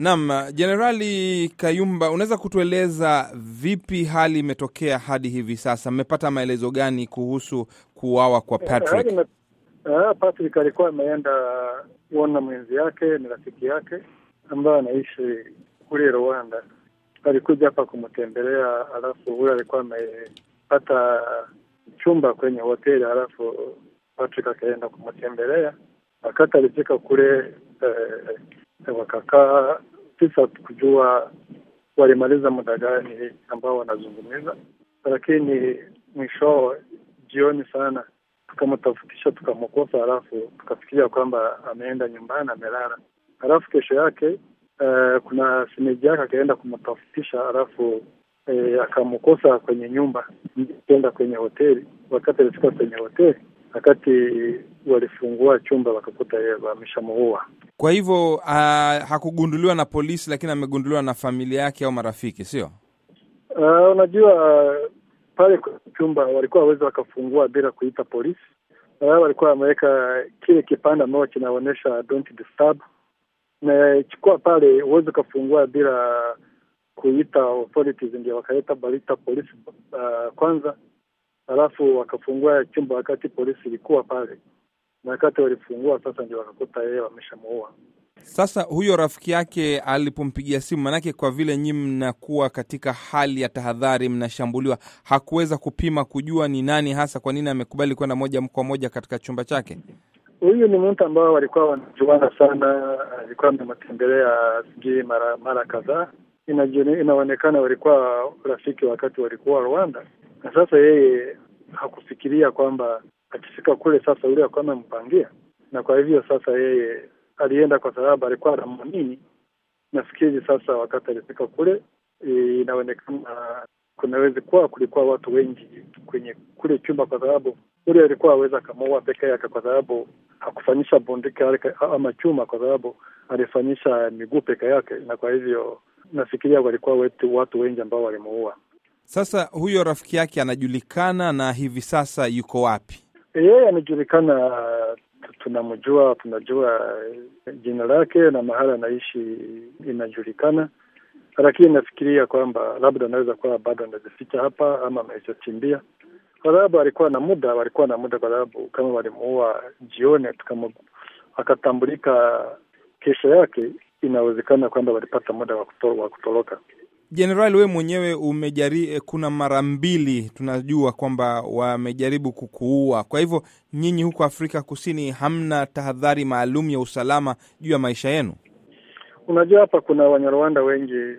Naam, uh, Jenerali Kayumba, unaweza kutueleza vipi hali imetokea hadi hivi sasa? Mmepata maelezo gani kuhusu kuuawa kwa eh, Patrick? Eh, me, Patrick alikuwa ameenda kuona mwenzi yake, ni rafiki yake ambaye anaishi kule Rwanda. Alikuja hapa kumtembelea, alafu huyo alikuwa amepata chumba kwenye hoteli, alafu Patrick akaenda kumtembelea. Wakati alifika kule eh, wakakaa tisa kujua walimaliza muda gani ambao wanazungumza, lakini mwisho jioni sana tukamtafutisha tukamkosa, halafu tukafikiria kwamba ameenda nyumbani amelala. Halafu kesho yake uh, kuna simeji yake akaenda kumtafutisha, halafu uh, akamkosa kwenye nyumba, kenda kwenye hoteli. Wakati alifika kwenye hoteli, wakati walifungua chumba wakakuta wameshamuua. Kwa hivyo uh, hakugunduliwa na polisi, lakini amegunduliwa na familia yake au marafiki, sio? Uh, unajua uh, pale chumba walikuwa waweza wakafungua bila kuita polisi. Uh, walikuwa wameweka kile kipande ambao kinaonyesha don't disturb, na chukua pale, huwezi ukafungua bila kuita authorities, ndio wakaleta balita polisi uh, kwanza, alafu wakafungua chumba wakati polisi ilikuwa pale na wakati walifungua sasa ndio wakakuta yeye wameshamuua. Sasa huyo rafiki yake alipompigia simu, manake kwa vile nyi mnakuwa katika hali ya tahadhari, mnashambuliwa, hakuweza kupima kujua ni nani hasa. Kwa nini amekubali kwenda moja kwa moja katika chumba chake? Huyu ni mtu ambao walikuwa wanajuana sana, alikuwa amematembelea sijui mara mara kadhaa. Inaonekana walikuwa rafiki wakati walikuwa Rwanda, na sasa yeye hakufikiria kwamba akifika kule sasa yule alikuwa amempangia, na kwa hivyo sasa yeye alienda kwa sababu alikuwa anaamini. Nafikiri sasa wakati alifika kule, inaonekana kunaweza kuwa kulikuwa watu wengi kwenye kule chumba, kwa sababu yule alikuwa aweza akamuua peke yake, kwa sababu hakufanyisha bunduki ama chuma, kwa sababu alifanyisha miguu peke yake, na kwa hivyo nafikiria walikuwa wetu watu wengi ambao walimuua. Sasa huyo rafiki yake anajulikana na hivi sasa yuko wapi? Yeye anajulikana, tunamjua, tunajua jina lake na mahali anaishi inajulikana, lakini nafikiria kwamba labda anaweza kuwa bado anajificha hapa ama ameshachimbia, kwa sababu alikuwa na muda, walikuwa na muda, kwa sababu kama walimuua jioni akatambulika kesho yake, inawezekana kwamba walipata muda wa kutoroka. Jenerali, wewe mwenyewe umejari, eh, kuna mara mbili tunajua kwamba wamejaribu kukuua. Kwa hivyo nyinyi huko Afrika Kusini hamna tahadhari maalum ya usalama juu ya maisha yenu? Unajua, hapa kuna Wanyarwanda wengi